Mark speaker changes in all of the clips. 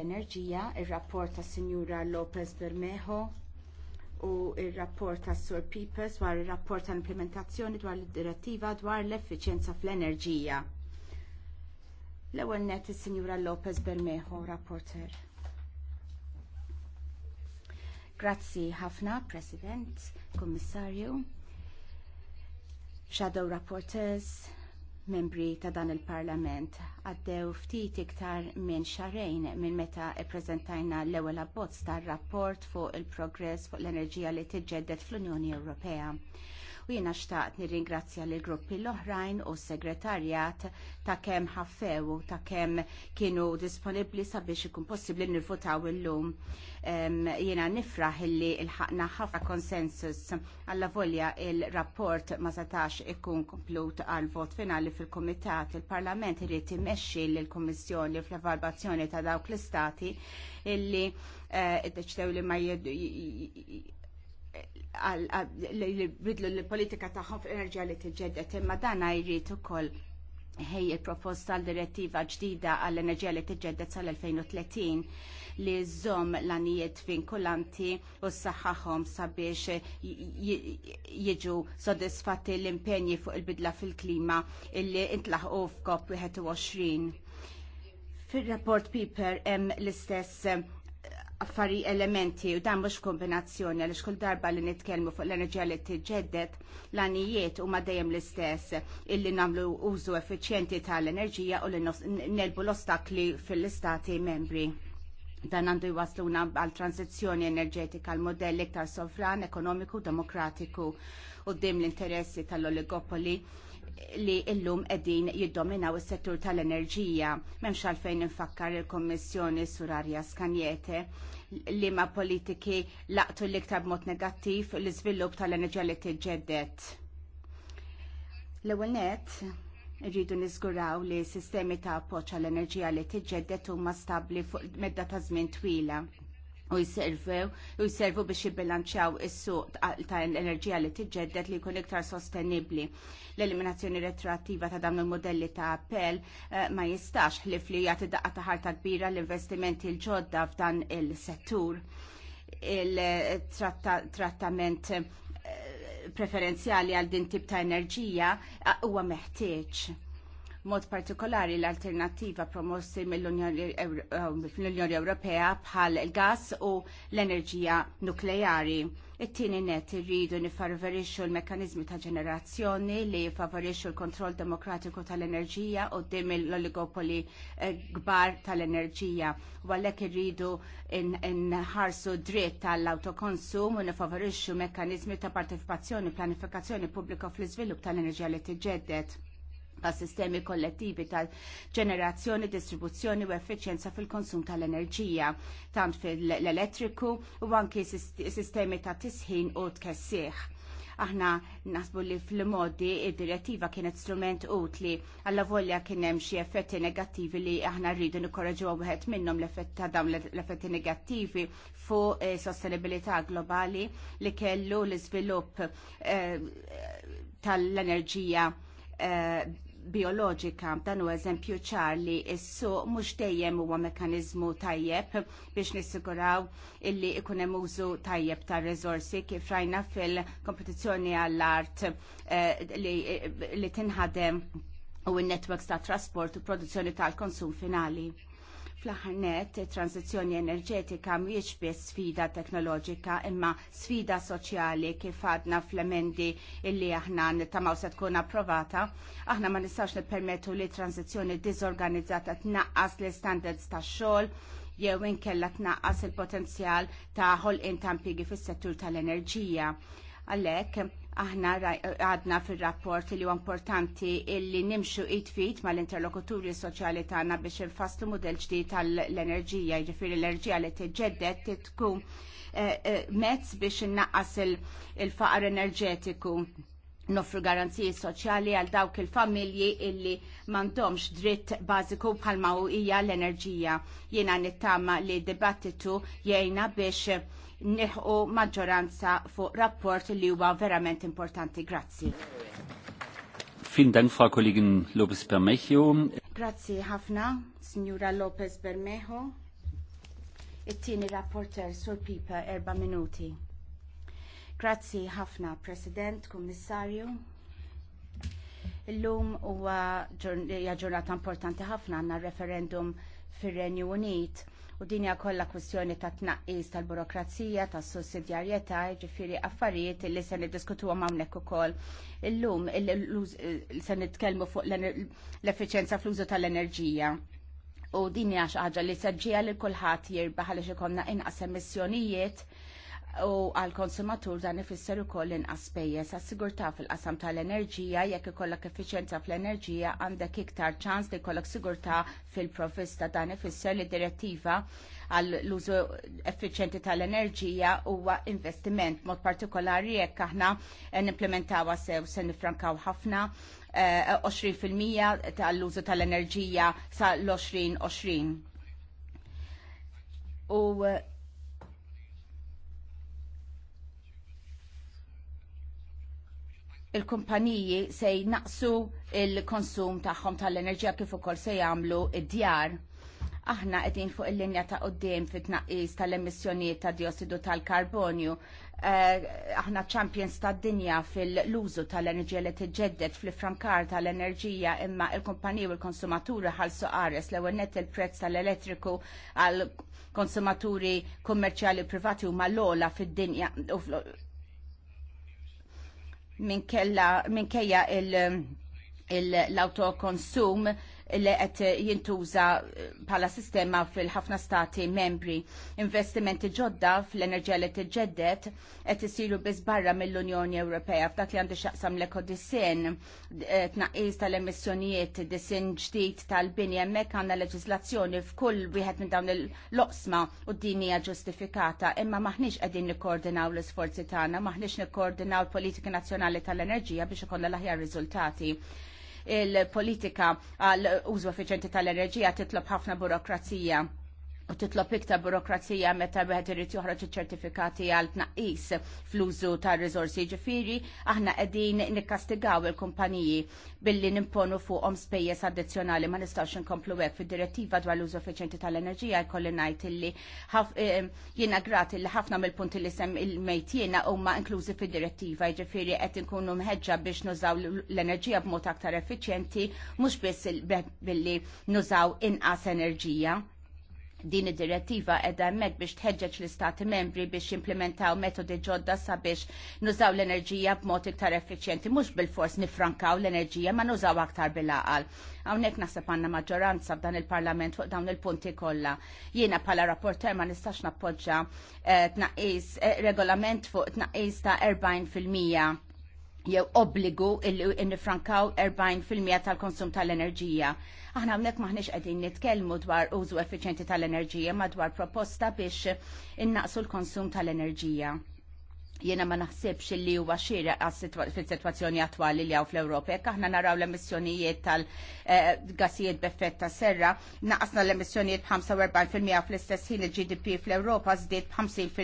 Speaker 1: enerġija, ir-rapport tas Sinjura Lopez Bermejo u r rapport tas Sur Pipes dwar ir-rapport tal implementazzjoni dwar id-direttiva dwar l-effiċjenza fl-enerġija. L-ewwel net is-Sinjura Lopez Bermejo, rapporter. Grazzi ħafna, President, Kommissarju, Shadow Rapporteurs, membri ta' dan il-Parlament għaddew ftit iktar minn xarejn minn meta ppreżentajna l-ewwel abbozz tar-rapport fuq il-progress fuq l-enerġija li tiġġedded fl-Unjoni Ewropea. U jiena xtaqt nirringrazzja lill gruppi l-oħrajn u s-segretarjat ta' kemm ħaffew u ta' kemm kienu disponibbli sabiex ikun possibbli nirvotaw illum. lum jiena nifraħ illi il-ħakna ħafna konsensus għalla volja il-rapport ma setax ikun komplut għal vot finali fil-Komitat. Il-Parlament irrid imexxi l-Kommissjoni fl-evalvazzjoni ta' dawk l-istati illi eh, id-deċdew li ma li bidlu l-politika ta' fl-enerġija li t-ġeddet imma dan jrid ukoll ħej il-proposta l-direttiva ġdida għall-enerġija li tiġġedded sal-2030 li żomm l-anijiet vinkulanti u s-saħħaħom sabiex jiġu sodisfatti l impegni fuq il-bidla fil-klima illi intlaħqu f'COP 21. Fil-rapport Piper hemm l-istess affari elementi u dan mhux kombinazzjoni għaliex kull darba li nitkellmu fuq l-enerġija li tiġġedded l-anijiet huma dejjem l-istess illi nagħmlu użu effiċjenti tal-enerġija u li nelbu l-ostakli fil-istati membri dan għandu jwasluna għal tranzizjoni enerġetika għal modell iktar sovran, ekonomiku, demokratiku u dim l-interessi tal-oligopoli li illum edin jiddominaw is-settur tal-enerġija. Memx għalfejn infakkar il-Kommissjoni Surarja Skanjete li ma politiki laqtu l-iktar mod negattiv l-iżvilupp tal-enerġija li tiġġeddet. L-ewwel net irridu niżguraw li sistemi ta' appoġġ għall enerġija li tiġġeddet huma stabbli fuq medda ta' żmien twila u jservew u jservu biex jibbilanċjaw is-suq ta' l-enerġija li tiġġedded li jkun iktar sostenibbli. L-eliminazzjoni retroattiva ta' dawn il-modelli ta' appell eh, ma jistax li li jagħti daqqa ta' ħarta kbira l-investimenti l-ġodda f'dan il-settur. Il-trattament eh, preferenzjali għal din tip ta' enerġija eh, huwa meħtieġ mod partikolari l-alternativa promossi mill-Unjoni Ewropea bħal il-gas u l-enerġija nukleari. It-tieni net irridu nifavorixxu l-mekkaniżmi ta' ġenerazzjoni li jifavorixxu l-kontroll demokratiku tal-enerġija u dim l-oligopoli eh, kbar tal-enerġija. U għalhekk irridu nħarsu dritt tal-autokonsum u nifavorixxu mekkaniżmi ta' partecipazzjoni planifikazzjoni pubblika fl-iżvilupp tal-enerġija li tiġġedded ta' sistemi kollettivi tal ġenerazzjoni, distribuzzjoni u effiċjenza fil-konsum tal-enerġija, tant fil-elettriku u anki sistemi ta' tisħin u tkessieħ. Aħna nasbu li fil-modi id-direttiva kienet strument utli għalla volja kien hemm xi effetti negattivi li aħna rridu nikkoraġu wieħed minnhom l-effett ta' dawn l-effetti negattivi fuq eh, sostenibilità globali li kellu l-iżvilupp eh, tal-enerġija eh, bioloġika dan u eżempju ċar li suq mhux dejjem huwa mekkaniżmu tajjeb biex nissiguraw illi ikun hemm użu tajjeb tar riżorsi kif rajna fil-kompetizzjoni għall-art eh, li, li tinħadem u n netwerks ta' trasport u produzzjoni tal-konsum finali fl aħħar it transizjoni enerġetika mhijiex biss sfida teknoloġika imma sfida soċjali kif għadna fl-emendi illi aħna nittamaw se tkun approvata. Aħna ma nistax nippermettu li transizjoni diżorganizzata tnaqqas l standards tax xogħol jew inkella tnaqqas il-potenzjal ta' ħolqien tampigi fis-settur tal-enerġija. Għalhekk, aħna għadna fil-rapport li huwa importanti illi nimxu it-fit mal-interlokuturi soċjali tagħna biex infastu mudell ġdid tal-enerġija, jiġifieri l-enerġija li tiġġedded tkun eh, eh, mezz biex innaqqas il-faqar enerġetiku noffru garanziji soċjali għal dawk il-familji illi m'għandhomx dritt bażiku bħalma hija l-enerġija. Jiena nittama li dibattitu jgħinna biex neħu maġġoranza fuq rapport li huwa verament importanti. Grazzi.
Speaker 2: Vielen Dank, Frau Kollegin Lopez Bermejo.
Speaker 1: Grazzi ħafna, Signora Lopez Bermejo. It-tieni rapporter Sur Pipa, erba' minuti. Grazzi ħafna, President, Kommissarju. Illum huwa ġurnata importanti ħafna għandna referendum fir-Renju Unit U din hija kollha kwistjoni ta' tnaqqis tal-burokrazija, tas sussidjarjetà, ġifieri affarijiet li se niddiskutuhom hawnhekk ukoll. Illum se nitkellmu fuq l-effiċjenza fl-użu tal-enerġija. U din hija xi ħaġa li seġġija lil kulħadd jirbaħ għaliex ikollna inqas emissjonijiet u għal konsumatur dan ifisser ukoll inqas pejjeż għas-sigurtà fil-qasam tal-enerġija jekk ikollok effiċjenza fl-enerġija għandek iktar ċans li jkollok sigurtà fil-provvista dan ifisser li direttiva għal l-użu effiċjenti tal-enerġija huwa investiment mod partikolari jekk aħna nimplementaw sew se nifrankaw ħafna 20% eh, tal-użu tal-enerġija sa l-2020. U il-kumpaniji se jnaqsu il-konsum tagħhom tal-enerġija kif ukoll se jagħmlu id-djar. Aħna qegħdin fuq il-linja ta' qudiem fit-tnaqqis tal-emissjonijiet ta' diossidu tal-karbonju. Eh, aħna champions tad-dinja fil-użu tal-enerġija li tiġġedded fl-ifrankar tal-enerġija imma il-kumpaniji u l-konsumaturi ħalsu qares l net il-prezz tal-elettriku għal konsumaturi kummerċjali privati huma l ogħla fid-dinja minn kella minn kejja il l-autokonsum li qed jintuża eh, bħala sistema fil-ħafna stati membri. Investimenti ġodda fl-enerġija li tiġġedded qed isiru biss barra mill-Unjoni Ewropea f'dak li għandi xaqsam l-ekodisin eh, tnaqqis tal-emissjonijiet disin ġdid tal-bini hemmhekk għandna leġislazzjoni f'kull wieħed minn dawn il-loqsma u din hija ġustifikata imma maħniex qegħdin nikkoordinaw l-isforzi tagħna, maħniex nikkoordinaw l-politika nazzjonali tal-enerġija biex ikollha l-aħjar riżultati il-politika għal użu effiċenti tal-enerġija titlob ħafna burokrazija u titlob iktar burokrazija meta wieħed irid joħroġ iċ-ċertifikati għal tnaqqis fl-użu ta' riżorsi ġifieri, aħna qegħdin nikkastigaw il-kumpaniji billi nimponu fuqhom spejjeż addizzjonali ma nistgħux inkomplu hekk fid-direttiva dwar l-użu effiċjenti tal-enerġija jkolli ngħid illi jiena grati li ħafna mill-punti li sem il-mejtiena huma inklużi fid-direttiva jiġifieri qed inkunu mħeġġa biex nużaw l-enerġija b'mod aktar effiċjenti mhux biss billi nużaw inqas enerġija din id-direttiva edha hemmhekk biex tħeġġeġ l-istati membri biex jimplementaw metodi ġodda sabiex nużaw l-enerġija b'mod iktar effiċjenti, mhux bil-fors nifrankaw l-enerġija ma nużaw aktar bil-aqal. Hawnhekk naħseb għandna maġġoranza f'dan il-Parlament fuq dawn il-punti kollha. Jiena bħala rapporter ma nistax nappoġġa eh, tnaqqis eh, regolament fuq tnaqqis ta' 40 fil-mija jew obbligu nifrankaw 40% tal-konsum tal-enerġija. Aħna għamnek maħniex qegħdin nitkellmu dwar użu effiċjenti tal-enerġija madwar proposta biex innaqsu l-konsum tal-enerġija. Jiena ma naħsibx li huwa xira fil-situazzjoni attwali li għaw fl-Europa. Jekk aħna naraw l-emissjonijiet tal-gassijiet eh, b'effett ta' serra, naqasna l-emissjonijiet b'45% fl-istess ħin il-GDP fl-Europa żdied b'50%,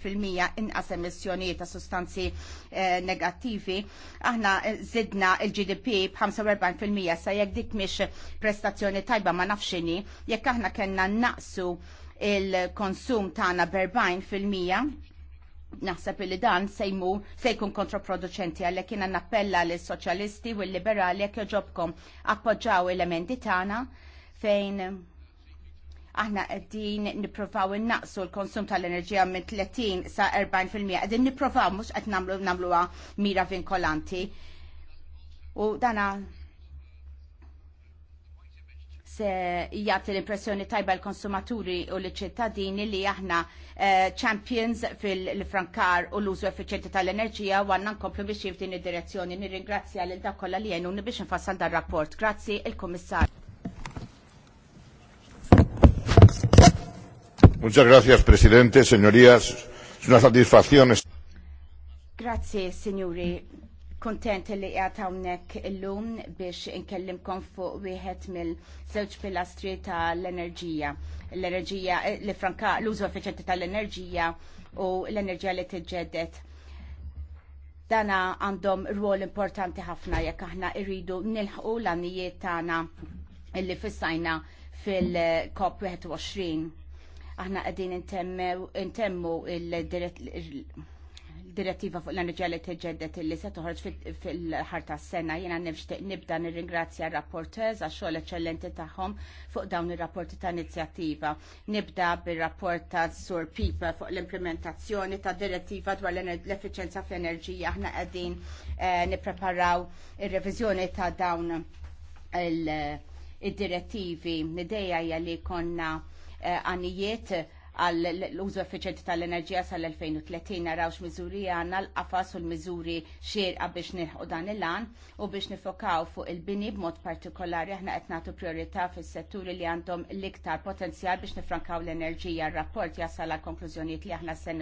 Speaker 1: b'25% inqas emissjonijiet ta' sustanzi eh, negattivi. Aħna eh, zidna il-GDP b'45% sa jekk dik mhix prestazzjoni tajba ma nafxini, jekk aħna kellna naqsu il-konsum tagħna b'40% naħseb li dan se jmur se jkun kontraproducenti għalhekk jiena nappella lis soċjalisti u l-liberali jekk joġobkom appoġġaw elementi tagħna fejn aħna qegħdin nippruvaw innaqsu l-konsum tal-enerġija minn 30 sa 40% qegħdin niprofaw mhux qed namlu nagħmluha mira vinkolanti. U dana se eh, l-impressjoni tajba l-konsumaturi u l-ċittadini li aħna eh, champions fil-frankar u l-użu effiċenti tal-enerġija u għanna nkomplu biex f'din id-direzzjoni. Nirringrazzja l dakolla li għenuni biex nfassal dar rapport. Grazzi il komissar
Speaker 2: Muchas gracias, Presidente, señorías. Es una satisfacción.
Speaker 1: Grazie, signori kontent li għat hawnhekk illum biex inkellimkom fuq wieħed mill-żewġ pilastri tal-enerġija. L-enerġija li franka l-użu effiċenti tal-enerġija u l-enerġija li tiġġedet. Dana għandhom rwol importanti ħafna jekk aħna irridu nilħqu l-għanijiet tagħna illi fissajna fil-COP 21. Aħna qegħdin intemmu il dirett direttiva fuq l-enerġija li tiġġedet illi se toħroġ fil-ħarta s-sena jena nibda nirringrazzja r-rapporters għax xogħol eċċellenti tagħhom fuq dawn ir-rapporti ta' inizjattiva. Nibda bir-rapport ta' Sur Pipa fuq l-implementazzjoni ta' direttiva dwar l-efficienza fl-enerġija aħna qegħdin eh, nippreparaw ir-reviżjoni ta' dawn il-direttivi. l hija li konna eh, għanijiet għall-użu effiċenti tal-enerġija sal-2030 x miżuri għanna l-qafas u l-miżuri xierqa biex nilħu dan il-lan u biex nifokaw fuq il-bini b'mod partikolari aħna qed nagħtu priorità fis-setturi li għandhom l-iktar potenzjal biex nifrankaw l-enerġija. R-rapport jasal għal konklużjonijiet li aħna se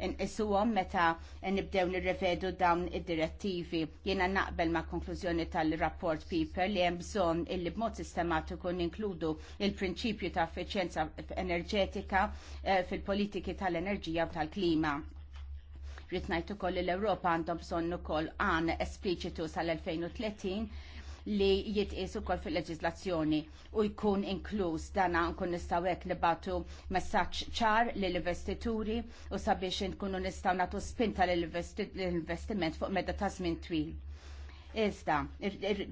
Speaker 1: Inqisuhom meta nibdew nirrevedu dawn id-direttivi. Jiena naqbel ma' konklużjoni tal-rapport Piper li hemm bżonn illi b'mod sistematiku ninkludu il-prinċipju ta' effiċjenza enerġetika eh, fil-politiki tal-enerġija u tal-klima Ritnajtu ngħid ukoll l-Ewropa għandhom bżonn ukoll għan espliċitu sal-2030 li jitqis ukoll fil-leġislazzjoni u jkun inkluż dana nkun nistgħu hekk nibatu messaġġ ċar lill investituri u sabiex nkunu nistgħu nagħtu spinta lill investiment fuq meta ta' żmien twil Iżda,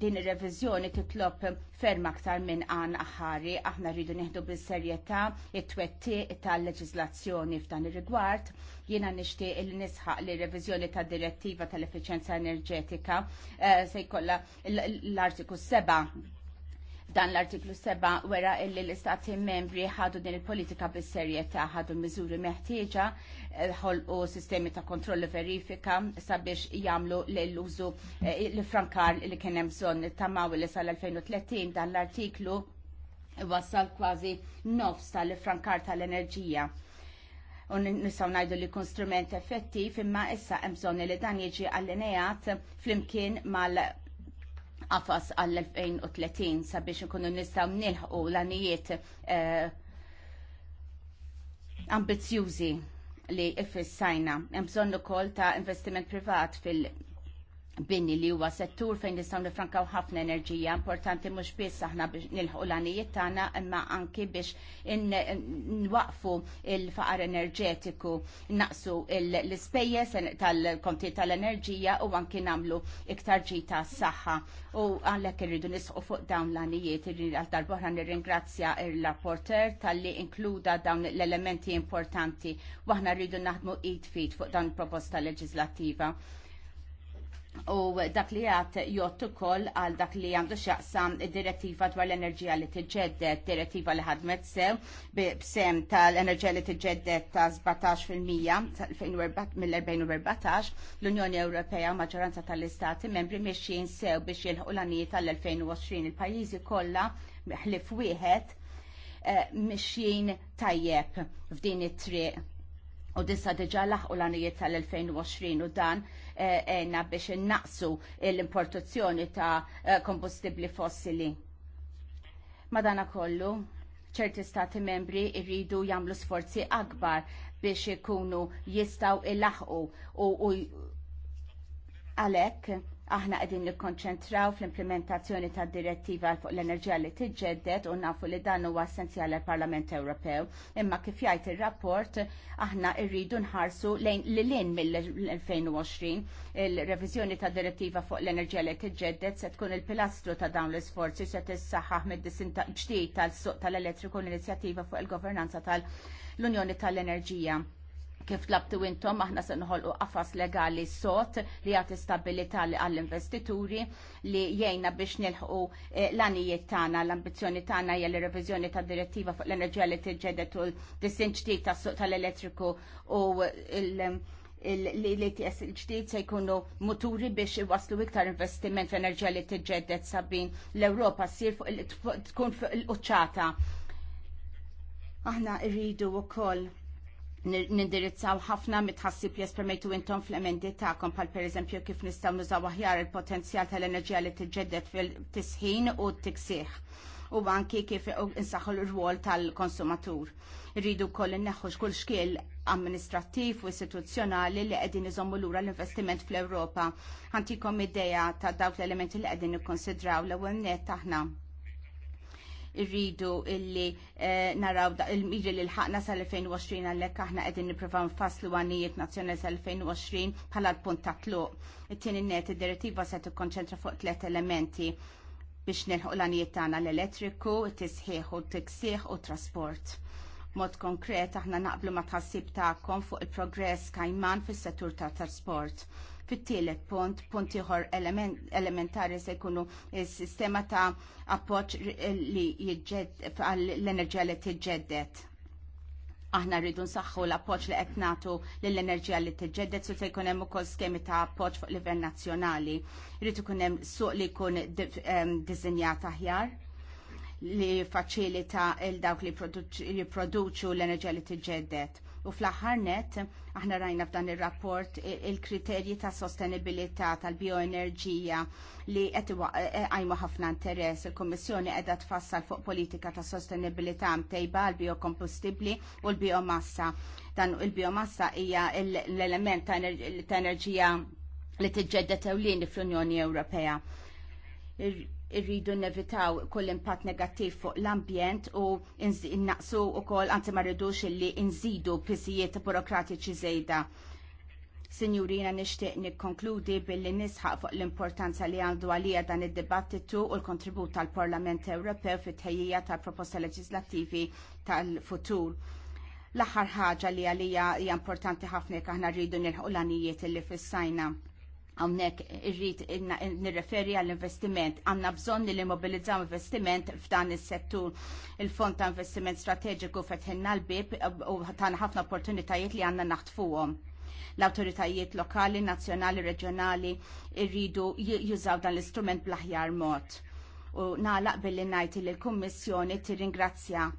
Speaker 1: din ir-reviżjoni titlob ferm aktar minn għan aħari, aħna rridu nieħdu bis-serjetà it-twetti tal-leġiżlazzjoni f'dan ir-rigward. Jiena nixtieq li nisħaq li reviżjoni tad direttiva tal-efficienza enerġetika eh, se jkollha l-artiku 7 dan l-artiklu 7 wera illi l-istati membri ħadu din il-politika bis-serjetà ħadu miżuri meħtieġa eh, ħolqu sistemi ta' kontrolli verifika sabiex jagħmlu l-użu eh, l-frankar li kien hemm bżonn ta' li sal-2030 dan l-artiklu wassal kważi nofs tal-frankar tal-enerġija u nisaw najdu li kun strument effettiv imma issa hemm bżonn li dan jiġi allineat flimkien mal qafas għall-2030 sabiex ikunu nistgħu nilħqu l-anijiet eh, ambizjużi li ifissajna. Hemm bżonn ukoll ta' investiment privat fil- binni li huwa settur fejn nistgħu nifrankaw ħafna enerġija importanti mhux biss aħna biex nilħu l-għanijiet tagħna imma anki biex nwaqfu l faqar enerġetiku, naqsu l-ispejjeż tal-konti tal-enerġija u anki nagħmlu iktar ġita s-saħħa. U għalhekk irridu nisqu fuq dawn l-għanijiet, għal darbohra nirringrazzja il-rapporter talli inkluda dawn l-elementi importanti waħna rridu naħdmu id-fit fuq dawn proposta leġislattiva u dak li għat jott ukoll għal dak li għandu xaqsam direttiva dwar l-enerġija li tiġġedded, direttiva li ħadmet sew b'sem tal-enerġija li tiġġedded ta' 17% mill-2014 l-Unjoni Ewropea u maġġoranza tal-istati membri miexjin sew biex jilħu l-anijiet tal-2020 il-pajjiżi kollha ħlif wieħed eh, miexjin tajjeb f'din it-triq u dissa diġa laħqu l għanijiet tal-2020 u dan għenna eh, biex innaqsu l-importazzjoni ta' eh, kombustibli fossili. Madana kollu, ċerti stati membri irridu jamlu sforzi akbar biex ikunu jistaw il-laħqu u għalek aħna qegħdin nikkonċentraw fl-implementazzjoni tad direttiva fuq l-enerġija li tiġġedded u nafu li dan huwa essenzjali għall parlament Ewropew. Imma kif jgħid ir-rapport aħna rridu nħarsu lejn li lin mill-2020 il-reviżjoni tad direttiva fuq l-enerġija li tiġġedded se tkun il-pilastru ta' dawn l-isforzi se tissaħħaħ mid-disinta ġdid tal-suq tal-elettriku l-inizjattiva fuq il-governanza tal-Unjoni tal-Enerġija. tal unjoni tal enerġija kif tlabtu intom aħna se nħolqu qafas legali sot li jagħti stabilità għall-investituri li jgħinna biex nilħqu eh, l-anijiet tagħna, l-ambizzjoni tagħna hija li reviżjoni ta' direttiva fuq l-enerġija li tiġġedet u l disin ġdid tas-suq tal-elettriku u l-ETS il-ġdid se jkunu muturi biex iwaslu iktar investiment f'enerġija li tiġġedet sabin l-Ewropa ssir tkun fuq il-quċċata. Aħna rridu wkoll nindirizzaw ħafna mitħassib li jespermejtu intom fl-emendi ta'kom pal per eżempju kif nistaw nużaw aħjar il-potenzjal tal-enerġija li tiġġedded fil-tisħin u t-tiksieħ u anki kif insaħħu l-rwol tal-konsumatur. Rridu koll neħħu kull xkiel amministrattiv u istituzzjonali li qegħdin iżommu lura l-investiment fl-Ewropa. Ħantikom ideja ta' dawk l-elementi li qegħdin nikkonsidraw l-ewwel net taħna irridu illi eh, naraw il-miri li l-ħakna sal-2020 għallek aħna għedin niprofaw nfasslu għanijiet nazjonali sal-2020 bħala l-punt ta' tluq. It-tieni net id-direttiva se tikkonċentra fuq tliet elementi biex nilħu l-għanijiet tagħna l-elettriku, tisħiħ u tiksieħ u trasport. Mod konkret aħna naqblu ma tħassib tagħkom fuq il-progress kajman fis-settur tat trasport Fit-tielet punt, punt ieħor elementari se jkunu s-sistema ta' appoġġ li jġed l-enerġija li tġeddet. Aħna rridu nsaħħu l-appoġġ li qed nagħtu lill-enerġija li tiġġeddet su se jkun hemm ukoll skemi ta' appoġġ fuq livell nazzjonali. Rridu ikun hemm suq li jkun ehm, diżinjat aħjar li faċilita il dawk li jipproduċu l-enerġija li tiġġedded U fl-aħħar net, aħna rajna f'dan ir-rapport il-kriterji ta' sostenibilità tal-bioenerġija li qed e- e- għajmu ħafna interess. Il-Kummissjoni qiegħda tfassal fuq politika ta' sostenibilità mtejba l biokompostibbli u l-biomassa. Dan il-biomassa hija l-element ta' enerġija li tiġġeddet ewlieni fl-Unjoni Ewropea irridu nevitaw kull impatt negattiv fuq l-ambjent u innaqsu u koll għanti marridux illi nżidu pizijiet burokratiċi zejda. Sinjurina nishtiq nikkonkludi billi nisħaq fuq l-importanza li għandu għalija dan id-dibattitu u l-kontribut tal-Parlament Ewropew fit ħejjija tal-proposta leġislattivi tal-futur. L-aħħar ħaġa li għalija hija importanti ħafna jekk aħna rridu nilħu l għanijiet li fissajna għamnek irrit nirreferi għall-investiment. Għanna bżon li mobilizzaw investiment f'dan il-settur. Il-Fond ta' Investiment Strategiku fetħenna l-bib u tan ħafna opportunitajiet li għanna naħtfuhom. L-autoritajiet lokali, nazjonali, reġjonali irridu jużaw dan l-istrument bl-aħjar mod. U naħlaq billi najti li l-Kommissjoni tirringrazzja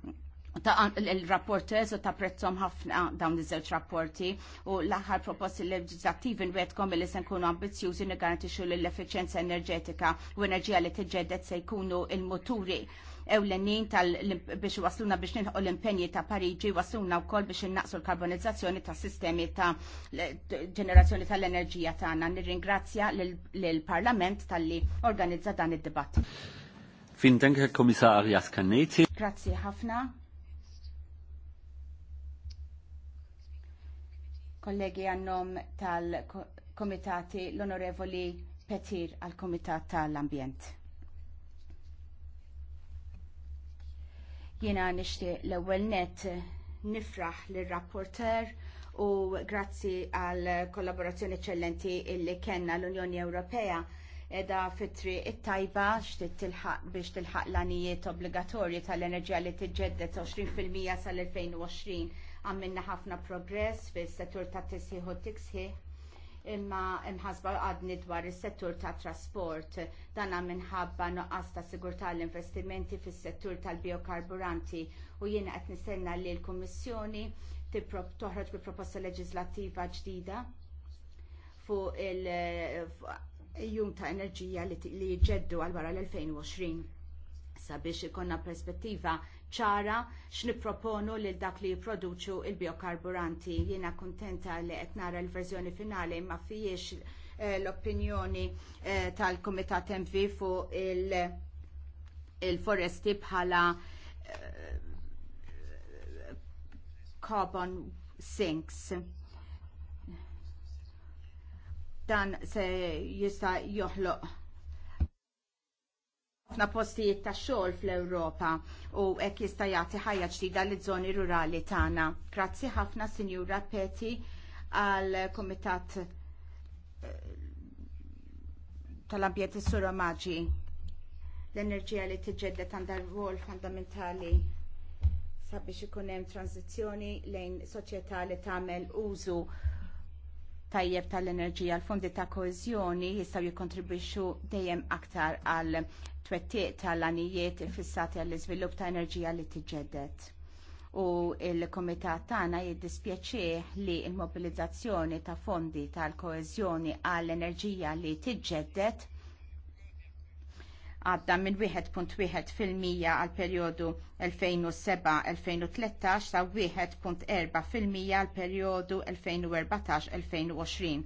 Speaker 1: ta' il-rapporters u ta' prezzom ħafna dawn iż-żewġ rapporti u l-aħħar proposti leġislattivi nwedkom li se nkunu ambizjużi nigarantixxu l effiċjenza enerġetika u enerġija li tiġġedded se jkunu il-moturi ewlenin tal biex wasluna biex nilħu l-impenji ta' Pariġi wasluna wkoll biex innaqsu l-karbonizzazzjoni ta' sistemi ta' ġenerazzjoni tal-enerġija tagħna. Nirringrazzja lill-Parlament talli organizza dan id-dibatt.
Speaker 2: Fin dank Herr Kommissar Jaskaneti.
Speaker 1: Grazie ħafna. kollegi għannom tal-komitati l-onorevoli Petir għal-komitat tal-ambjent. Jena nishti l-ewel net nifraħ l-rapporter u grazzi għal kollaborazzjoni eccellenti illi kenna l-Unjoni Ewropea edha fitri it-tajba biex tilħaq l-anijiet obbligatorji tal-enerġija li tiġġedded 20% sal-2020 għamilna ħafna progress fil-settur ta' tisħiħ u tiksħiħ imma imħasba għadni dwar is settur tat trasport dana minħabba nuqqas ta' sigurtà l-investimenti fis settur tal-biokarburanti u jiena qed nistenna li l-Kummissjoni toħroġ bi proposta leġislattiva ġdida fuq il-jum ta' enerġija li jġeddu għal wara l-2020 sabiex ikonna perspettiva ċara x'nipproponu lil dak li jipproduċu l biokarburanti Jiena kuntenta li qed nara l-verżjoni finali ma fijiex eh, l-opinjoni eh, tal-Kumitat MV fuq il-foresti bħala eh, carbon sinks dan se jista joħloq ħafna postijiet ta' xogħol fl-Ewropa u hekk jista' jagħti ħajja ġdida li żoni rurali tagħna. Grazzi ħafna Sinjura Peti għal Komitat eh, tal-ambjent is-sura l-enerġija li tiġġedded għandha rwol fundamentali sabiex ikun hemm tranzizzjoni lejn soċjetà li tagħmel użu tajjeb tal-enerġija l-fondi ta' koezjoni jistgħu jikkontribwixxu dejjem aktar għal twettiq tal-anijiet fissati għall iżvilupp ta' enerġija li tiġġedded. U l komitat tagħna jiddispjaċih li l mobilizzazzjoni ta' fondi tal-koeżjoni għall enerġija li tiġġedded għadda minn 1.1 fil-mija għal periodu 2007-2013 ta' 1.4 fil-mija għal periodu 2014-2020.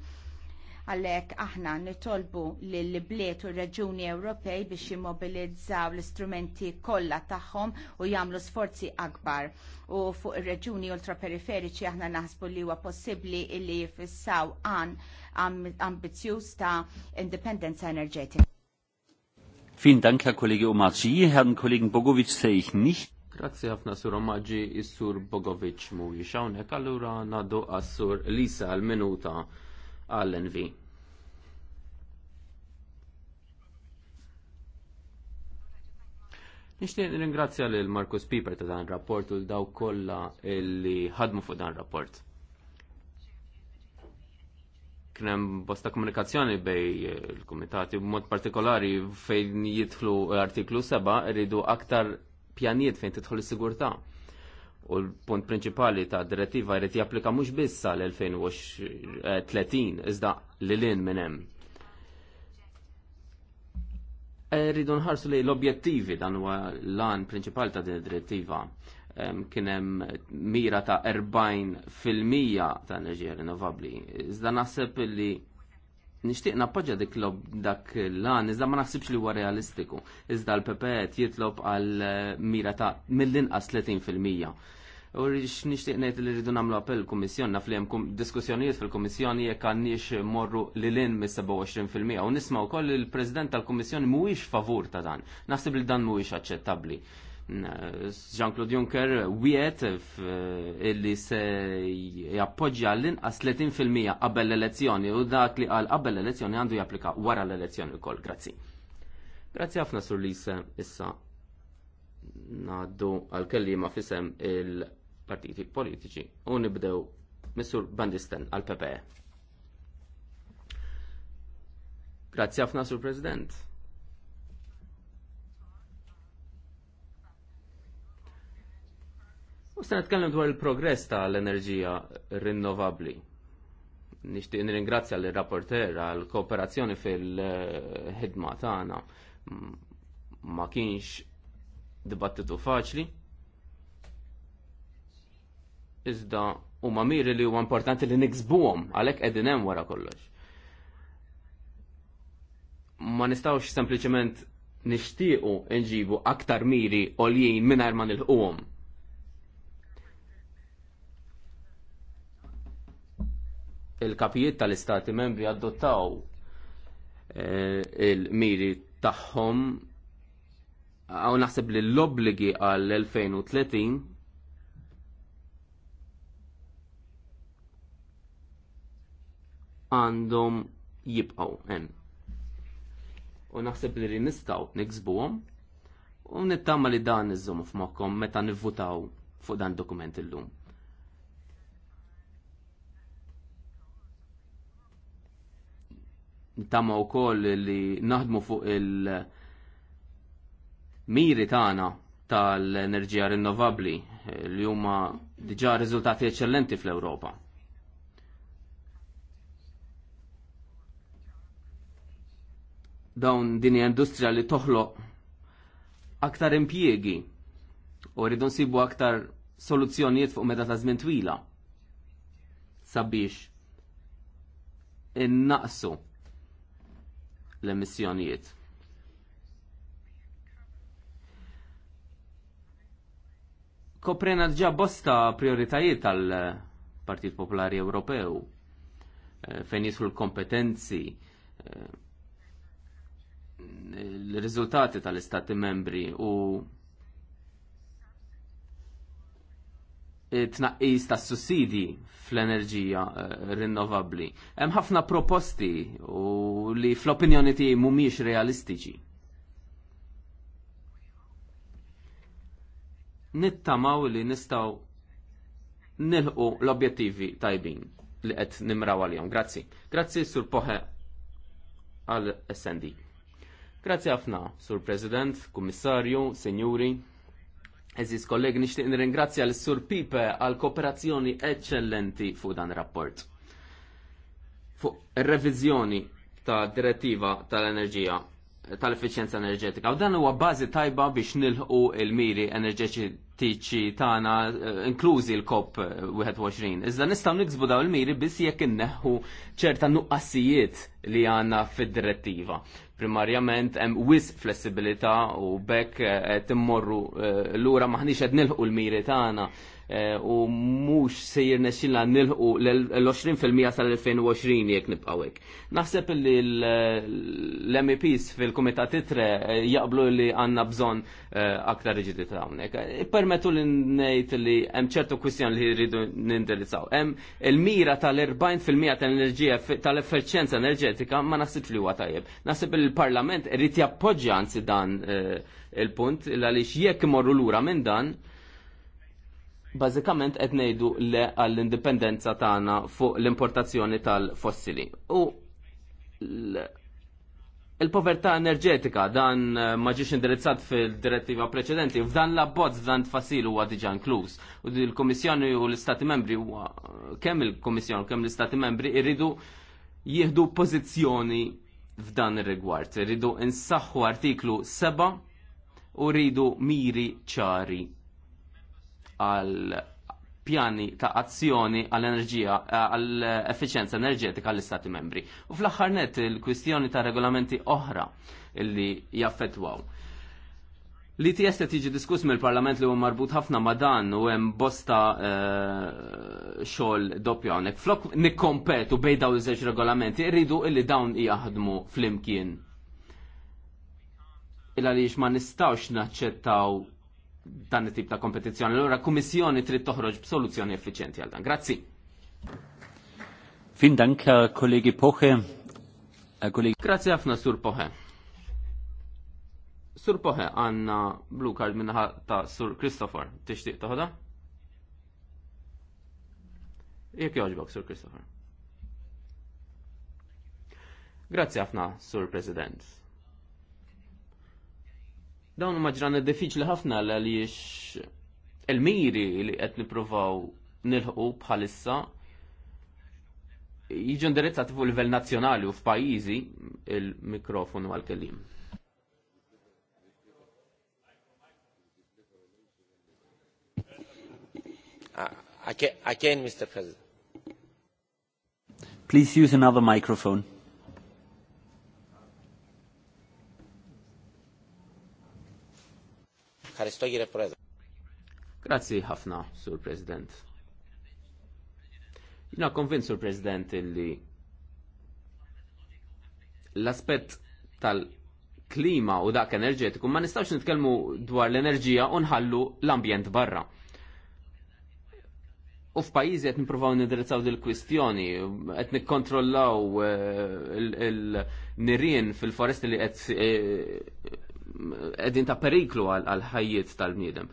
Speaker 1: Għalek aħna nitolbu l-bliet u reġuni Ewropej biex jimmobilizzaw l-istrumenti kollha tagħhom u jagħmlu sforzi akbar. U fuq ir-reġuni ultraperiferiċi aħna naħsbu li huwa possibbli li jfissaw għan ambizjuż ta' independenza enerġetika.
Speaker 2: Vielen Dank, Herr Kollege Omaci. Herrn Kollegen Bogovic sehe ich nicht. Grazie ħafna sur Omaci is-sur Bogovic mhuwiex hawnhekk, allura ngħaddu għas-sur Lisa għal-minuta għall-NV. Nixtieq ringrazzja lil Markus Piper ta' dan rapport u l-daw kolla illi ħadmu fuq dan rapport kienem bosta komunikazzjoni bej il-komitati eh, b'mod partikolari fejn jidħlu eh, artiklu 7 rridu aktar pjanijiet fejn tidħol is-sigurtà. U l-punt prinċipali ta' direttiva jrid japplika mhux biss sal-2030 iżda lilin minn hemm. Eh, rridu nħarsu li l-objettivi dan huwa l-an prinċipali ta' din id-direttiva kienem mira ta' 40% ta' enerġija rinnovabli. Iżda naħseb li nishtiq nappoġġa dik lob dak l an iżda ma naħsibx li huwa realistiku. Iżda l-PP jitlob għal eh, mira ta' mill-inqas 30%. U rix nishtiq ngħid li rridu nagħmlu appell kummissjon naf li hemm diskussjonijiet fil-kummissjoni jekk għandniex morru l in mis-27% u nisma' koll il-President tal-Kummissjoni mhuwiex favur ta' dan. Naħseb li dan mhuwiex aċċettabbli. Jean-Claude Juncker wiet illi se jappoġġja l-inqas 30% qabel l-elezzjoni u dak li qal qabel l-elezzjoni għandu japplika wara l-elezzjoni wkoll. Grazzi. Grazzi ħafna sur Lise issa naddu għal kellima fisem il-partiti politiċi u nibdew Missur Bandisten għal PPE. Grazzi ħafna sur President. U sta nitkellem dwar il-progress tal-enerġija rinnovabbli. Nixtieq nirringrazzja l rapporter għal kooperazzjoni fil-ħidma tagħna. Ma kienx dibattitu faċli. Iżda huma miri li huwa importanti li niksbuhom għalhekk qegħdin hemm wara kollox. Ma nistgħux sempliċement nixtiequ nġibu aktar miri għoljien mingħajr ma nilħquhom il-kapijiet tal-istati membri adottaw eh, il-miri tagħhom għaw naħseb li l-obligi għal 2030 għandhom jibqaw hemm. U naħseb li nistgħu niksbuhom u nittama li dan iżżomu f'mokkom meta nivvutaw fuq dan dokument illum. Tama u koll li naħdmu fuq il-miri tagħna tal-enerġija rinnovabli eh, li huma diġà riżultati eċċellenti fl-Ewropa. Dawn din industrija li toħloq aktar impjiegi u rridu nsibu aktar soluzzjonijiet fuq meta ta' żmien twila sabiex innaqsu l-emissjonijiet. Koprena ġa bosta prioritajiet tal-Partit Popolari Ewropew eh, fejn jisru l-kompetenzi eh, l-riżultati tal-istati membri u tnaqqis ta' sussidi fl-enerġija eh, rinnovabli. Hemm ħafna proposti u li fl-opinjoni tiegħi mhumiex realistiċi. Nittamaw li nistgħu nilħu l-objettivi tajbin li qed nimraw għalihom. Grazzi. Grazzi sur poħe għal SND. Grazzi ħafna sur President, Kummissarju, Senjuri. Eżis kolleg, nishtiq nirringrazzja l-Sur Pipe għal kooperazzjoni eccellenti fuq dan rapport. Fuq revizjoni ta' direttiva tal-enerġija tal-efficienza enerġetika. U dan huwa bażi tajba biex nilħu il-miri enerġetiċi tattiċi tagħna eh, inklużi l-COP 21. Eh, Iżda nistgħu niksbu daw il-miri biss jekk inneħħu ċerta nuqqassijiet li għandna fid-direttiva. Primarjament hemm wis flessibilità u bekk eh, qed immorru lura maħniex qed nilħu l-miri tagħna Eh, u mhux se jirnexxilna nilħu l-20% tal-2020 jekk nibqgħu hekk. Naħseb li l-MEPs fil-Kumitat Titre eh, jaqblu li għandna bżonn eh, aktar ta' hawnhekk. Permetu li ngħid li hemm ċertu kwistjon li jridu nindirizzaw. Hemm il-mira tal-40% tal-enerġija tal-efferċenza enerġetika ma naħsibx li huwa tajjeb. Naħseb li l-Parlament irid jappoġġja anzi dan il-punt l għaliex jekk imorru lura minn dan Bażikament qed ngħidu le għall-indipendenza tagħna fuq l-importazzjoni tal-fossili. U il-povertà enerġetika dan eh, ma ġiex indirizzat fil-direttiva preċedenti u f'dan l-abbozz f'dan tfasil huwa diġà inkluż. U l-Kummissjoni u l-Istati Membri huwa kemm il-Kummissjoni kemm l-Istati Membri irridu jieħdu pożizzjoni f'dan ir-rigward. Irridu insaħħu artiklu 7 u rridu miri ċari għal pjani ta' azzjoni għall-enerġija, għall-efficienza enerġetika għall-Istati membri. U fl net il-kwistjoni ta' regolamenti oħra li jaffetwaw. Li jeste tiġi diskuss mill-Parlament li huwa marbut ħafna ma' dan u hemm bosta eh, xogħol doppju hawnhekk. Flok nikkompetu bejn dawn iż-żewġ regolamenti, rridu illi dawn jaħdmu flimkien. Illa għaliex ma nistawx naċċettaw dan it-tip ta' kompetizzjoni. Allora kummissjoni trid toħroġ b'soluzzjoni effiċjenti għal dan. Grazzi. Fin dank eh, kollegi Poche. Eh, kollegi... Grazzi ħafna Sur Poche. Sur Poche għanna blue card minnaħa ta' Sur Christopher. Tixtieq toħda? Jekk joġbok Sur Christopher. Grazzi ħafna Sur President. Dawn huma ġrana diffiċli ħafna għaliex il-miri li qed nippruvaw nilħqu bħalissa jiġu indirizzati fuq livell nazzjonali u f'pajjiżi il-mikrofonu għal-kelim. Uh, Again, Mr. President. Please use another microphone. Grazzi ħafna, Sur President. Jina konvin, Sur President, illi l-aspet tal-klima u dak enerġetiku ma nistawx nitkellmu dwar l-enerġija u nħallu l-ambjent barra. U f'pajjiżi qed nippruvaw nidrezzaw dil kwistjoni qed nikkontrollaw eh, il-nirien fil-foresti li qed eh, edin ta' periklu għal ħajjiet tal-bniedem.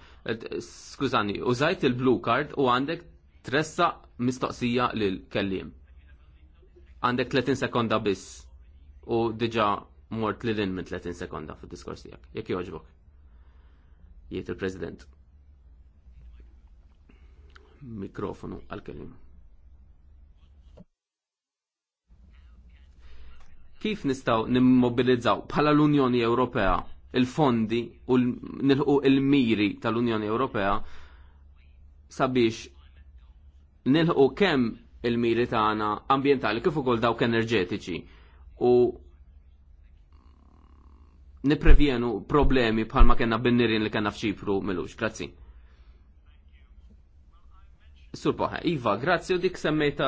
Speaker 2: Skużani, użajt il-blue card u għandek tressa mistoqsija lil-kellim. Għandek 30 sekonda biss u diġa mort li l-in minn 30 sekonda fil diskors tijak. Jek joġbok? Jiet il-President. Mikrofonu għal-kellim. Kif nistaw nimmobilizzaw bħala l-Unjoni Ewropea il-fondi u nilħu il-miri tal-Unjoni Ewropea sabiex nilħu kemm il-miri tagħna ambjentali kif ukoll dawk enerġetiċi u niprevjenu problemi bħalma kena bin-nirien li kena f'Ċipru milux. Grazzi. Sur Boħa, Iva, grazzi u dik semmejta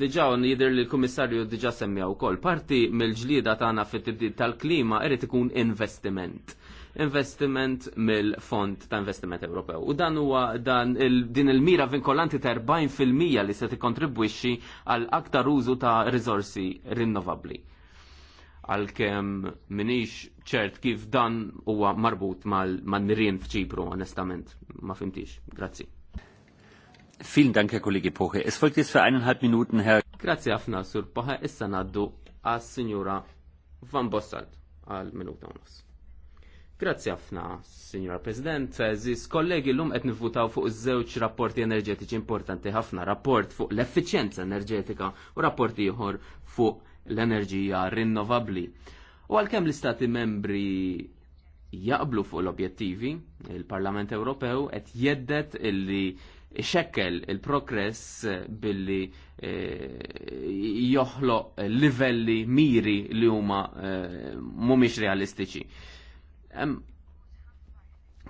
Speaker 2: diġa un jider li l-komissarju diġa semmija u kol. Parti mill-ġlida tagħna fit-tibdil tal-klima irid ikun investiment. Investiment mill-Fond ta' Investiment Ewropew. U dan huwa dan il, din il-mira vinkolanti ta' 40% li se tikkontribwixxi għal aktar użu ta' riżorsi rinnovabbli. Għalkemm minix ċert kif dan huwa marbut mal-nirien f'Ċipru, onestament. Ma fimtix. Grazzi. Vielen Dank, Herr Kollege Poche. Es folgt jetzt für eineinhalb Minuten Herr. Grazie ħafna, Sur Poche. Issa naddu għas Signora Van Bossalt għal minuta unos. Grazie ħafna, Signora President. Ziz kollegi l-lum qed nifutaw fuq iż-żewġ rapporti enerġetiċi importanti ħafna. Rapport fuq l-effiċjenza enerġetika u rapporti ieħor fuq l-enerġija rinnovabbli. U għalkemm l-Istati membri jaqblu fuq l-objettivi, il-Parlament Ewropew qed jeddet illi ixekkel il-progress eh, billi eh, joħloq livelli miri li huma eh, mhumiex realistiċi.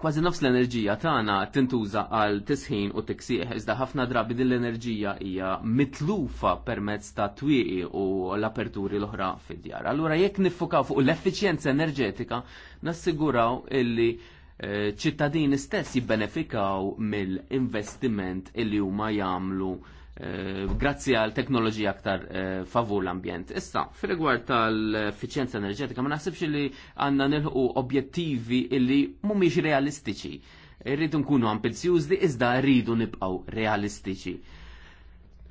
Speaker 2: Kważi nofs l-enerġija tagħna tintuża għal tisħin u tiksieħ iżda ħafna drabi din l-enerġija hija mitlufa permezz ta' twieqi u l-aperturi l-oħra fid-djar. Allura jekk niffukaw fuq l-effiċjenza enerġetika nassiguraw illi ċittadini stess jibbenefikaw mill-investiment illi huma jagħmlu eh, grazzi għal teknoloġija aktar eh, favur l-ambjent. Issa, fil rigward tal-efficienza enerġetika, ma naħsibx li għanna nilħu objettivi illi mumiex realistiċi. Irridu nkunu ambizjużi, iżda rridu nibqaw realistiċi.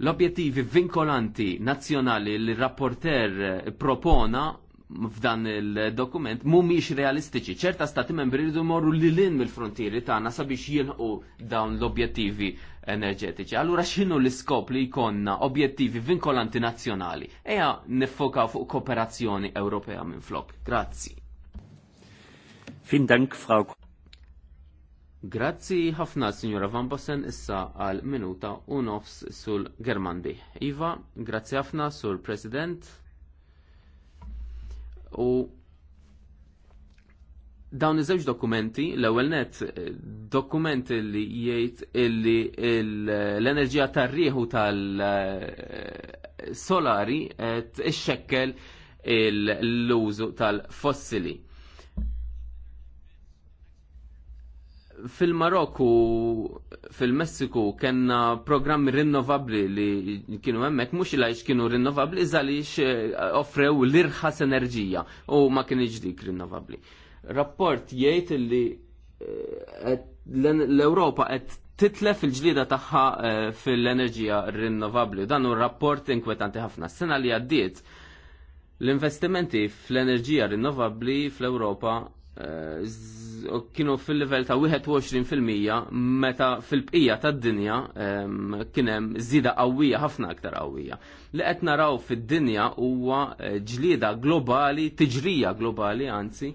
Speaker 2: L-objettivi vinkolanti nazzjonali li rapporter propona f'dan il-dokument mumiex realistiċi. ċerta stati membri rridu morru li lin mill-frontieri tagħna sabiex jilħu dawn l-objettivi enerġetiċi. Allura x'inhu l-iskop li jkollna objettivi vinkolanti nazzjonali? Eja nifoka fuq kooperazzjoni Ewropea minn flok. Grazzi. Fin dank, Frau. Grazzi ħafna, Signora Van Bossen, issa għal minuta u nofs sul Germandi. Iva, grazzi ħafna sul President. U dawn iż-żewġ dokumenti, l-ewwel net dokument li jgħid illi l-enerġija tar-rieħu tal-solari qed ixxekkel l-użu tal-fossili. fil-Marokku, fil-Messiku kena programmi rinnovabli li kienu hemmhekk mhux għaliex kienu rinnovabli iżda eh, offrew l-irħas enerġija u ma kien dik rinnovabli. Rapport jgħid li eh, l-Ewropa qed titlef il-ġlida tagħha eh, fil-enerġija rinnovabli. Dan hu rapport inkwetanti ħafna. Sena li għaddiet l-investimenti fl-enerġija rinnovabli fl-Ewropa kienu fil-level ta' 21% meta fil-bqija ta' dinja kienem zida qawwija ħafna aktar qawwija. Li qed naraw fid-dinja huwa eh, ġlieda globali, tiġrija globali anzi,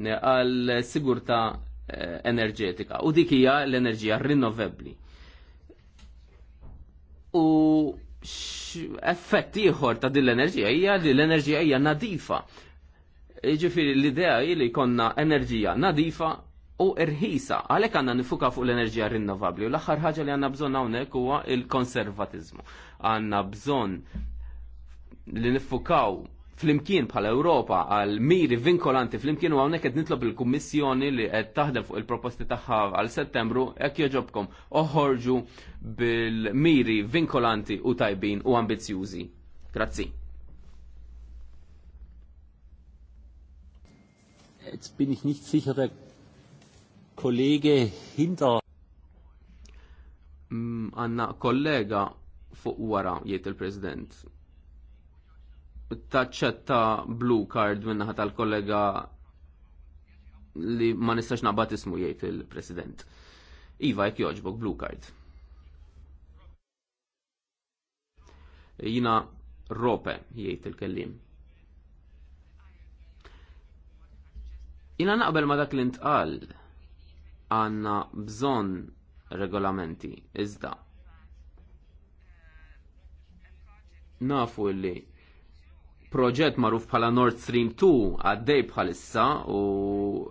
Speaker 2: għal sigurta eh, enerġetika u dik hija l-enerġija rinnovabbli. U effett ieħor ta' din l-enerġija hija li l-enerġija hija nadifa Ġifiri l-idea li konna enerġija nadifa u irħisa. Għalek għanna nifuka fuq l-enerġija rinnovabli. U l-axar ħagġa li għanna bżon għawnek huwa il-konservatizmu. Għanna bżon li nifukaw fl-imkien bħala Ewropa għal miri vinkolanti fl-imkien u għawnek qed nitlob il-Kummissjoni li qed taħdem fuq il-proposti tagħha għal Settembru jekk joġobkom oħorġu bil-miri vinkolanti u tajbin u ambizzjużi. Grazzi. Jetzt bin ich nicht sicher, der kollege hinter. Għanna mm, kollega fuq wara, jiet il-President. Taċċetta blue card minnaħa tal-kollega li ma nistax naqbad ismu jgħid il-President. Iva, jek joġbok blue card. Jina rope jgħid il-kellim. Jina naqbel ma dak li ntqal għanna bżon regolamenti, iżda. Nafu li proġett maruf bħala Nord Stream 2 għaddej bħalissa u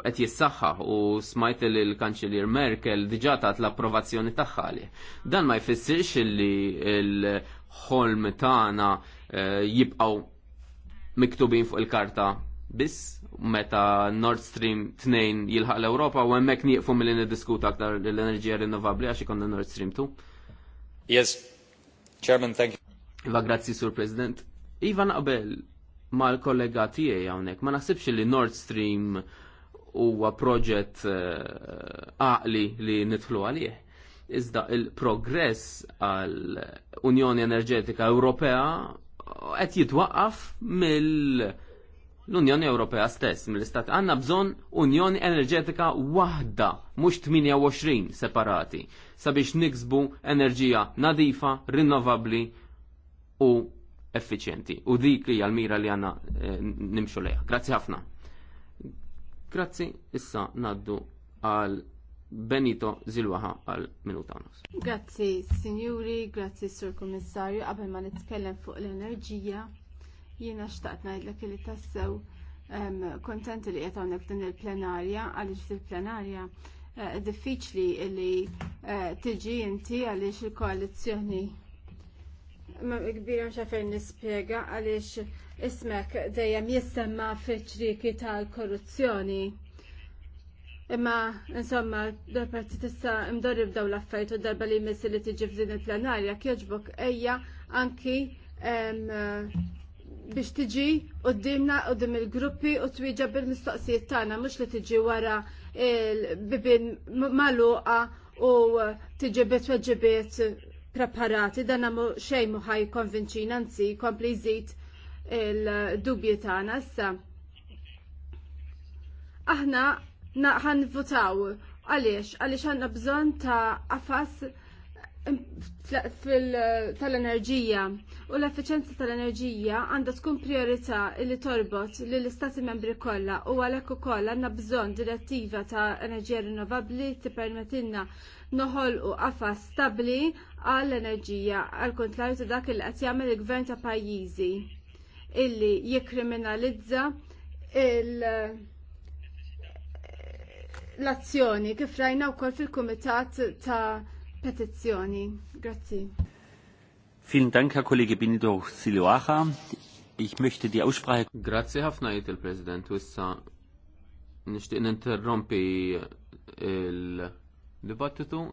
Speaker 2: qed jissaħħaħ u smajt li l-Kanċelier Merkel diġà tat l-approvazzjoni tagħha Dan ma jfissirx li l-ħolm tagħna eh, jibqgħu miktubin fuq il-karta biss meta Nord Stream 2 jilħaq l-Ewropa u hemmhekk nieqfu milli niddiskuta aktar l-enerġija rinnovabbli għax ikonna Nord Stream 2. Yes, Chairman, thank you. Iva, grazzi, Sur President. Iva naqbel mal-kollega tiegħi hawnhekk ma naħsibx li Nord Stream huwa proġett eh, għaqli li nidħlu għalih. Iżda il-progress għal Unjoni Enerġetika Ewropea eh, qed jitwaqqaf mill- l-Unjoni Ewropea stess mill-Istat għandna bżonn Unjoni Enerġetika waħda mhux 28 separati sabiex niksbu enerġija nadifa, rinnovabbli u effiċjenti. U dik li għal-mira li għanna e, eh, nimxu leja. Grazzi ħafna. Grazzi, issa naddu għal Benito Zilwaha għal minuta nos.
Speaker 3: Grazzi, signori, grazzi, sur komissarju, qabel ma nitkellem fuq l-enerġija Jiena xtaqt ngħidlek li tassew kontent li qed hawnhekk din il-plenarja għaliex fil-plenarja eh, diffiċli li eh, tiġi inti għaliex il-koalizzjoni kbira fejn nispjega għaliex ismek dejjem jissemma fiċriki tal-korruzzjoni. Imma, insomma, dal-parti tista imdorrib daw l-affajt u darba li jmissi li tiġi f'din il-plenarja kieġbok ejja anki biex tiġi qoddimna qoddim il-gruppi u twieġa bil-mistoqsijiet tagħna mhux li tiġi wara bibin maluqa u tiġi weġibiet preparati dan hemm xejn mhux ħaj konvinċin anzi kompli jżid il-dubji tagħna issa. Aħna ħanvutaw għaliex għaliex għandna bżonn ta' qafas tal-enerġija u l-effiċenza tal-enerġija għandha tkun priorità li torbot li l-istati membri kollha u għalhekk ukoll għandna bżonn direttiva ta' enerġija rinnovabbli tippermettilna noħolqu qafas stabbli għall-enerġija għal kontrarju ta' dak li qed jagħmel il-gvern ta' pajjiżi illi jikkriminalizza il- l-azzjoni kif rajna wkoll fil-Kumitat ta' petizzjoni. Grazzi.
Speaker 2: Vielen Dank, Herr Kollege Benito Siloacha. Ich möchte die Aussprache. Grazie ħafna jgħid il-President issa nixtieq interrompi il-dibattitu.